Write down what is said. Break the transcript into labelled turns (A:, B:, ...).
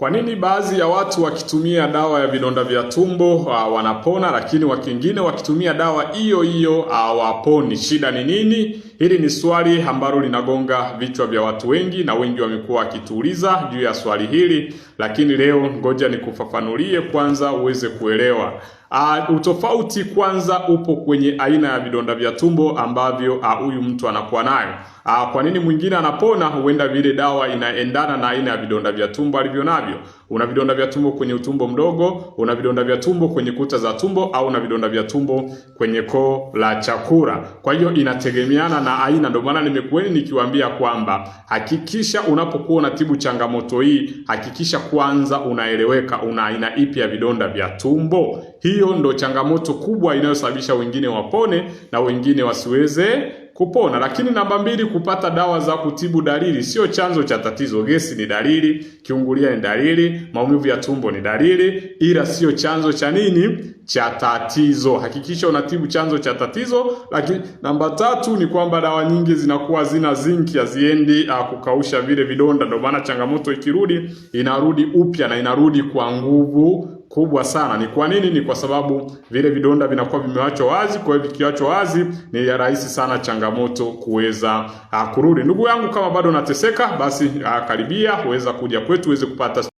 A: Kwa nini baadhi ya watu wakitumia dawa ya vidonda vya tumbo ah, wanapona lakini wakingine wakitumia dawa hiyo hiyo ah, hawaponi? shida ni nini? Hili ni swali ambalo linagonga vichwa vya watu wengi na wengi wamekuwa wakituuliza juu ya swali hili, lakini leo ngoja nikufafanulie kwanza uweze kuelewa. Uh, utofauti kwanza upo kwenye aina ya vidonda vya tumbo ambavyo huyu uh, mtu anakuwa nayo. Aa, ah, kwa nini mwingine anapona? Huenda vile dawa inaendana na aina ya vidonda vya tumbo alivyo navyo. Una vidonda vya tumbo kwenye utumbo mdogo, una vidonda vya tumbo kwenye kuta za tumbo, au una vidonda vya tumbo kwenye koo la chakula. Kwa hiyo inategemeana na aina. Ndio maana nimekueni nikiwaambia kwamba hakikisha unapokuwa unatibu changamoto hii, hakikisha kwanza unaeleweka una aina ipi ya vidonda vya tumbo. Hiyo ndo changamoto kubwa inayosababisha wengine wapone na wengine wasiweze kupona. Lakini namba mbili, kupata dawa za kutibu dalili sio chanzo cha tatizo. Gesi ni dalili, kiungulia ni dalili, maumivu ya tumbo ni dalili, ila sio chanzo cha nini? Cha tatizo. Hakikisha unatibu chanzo cha tatizo. Lakini namba tatu ni kwamba dawa nyingi zinakuwa zina zinki, haziendi ah, kukausha vile vidonda, ndio maana changamoto ikirudi inarudi upya na inarudi kwa nguvu kubwa sana. Ni kwa nini? Ni kwa sababu vile vidonda vinakuwa vimewachwa wazi. Kwa hiyo vikiwachwa wazi, ni ya rahisi sana changamoto kuweza ah, kurudi. Ndugu yangu, kama bado unateseka, basi ah, karibia, huweza kuja kwetu uweze kupata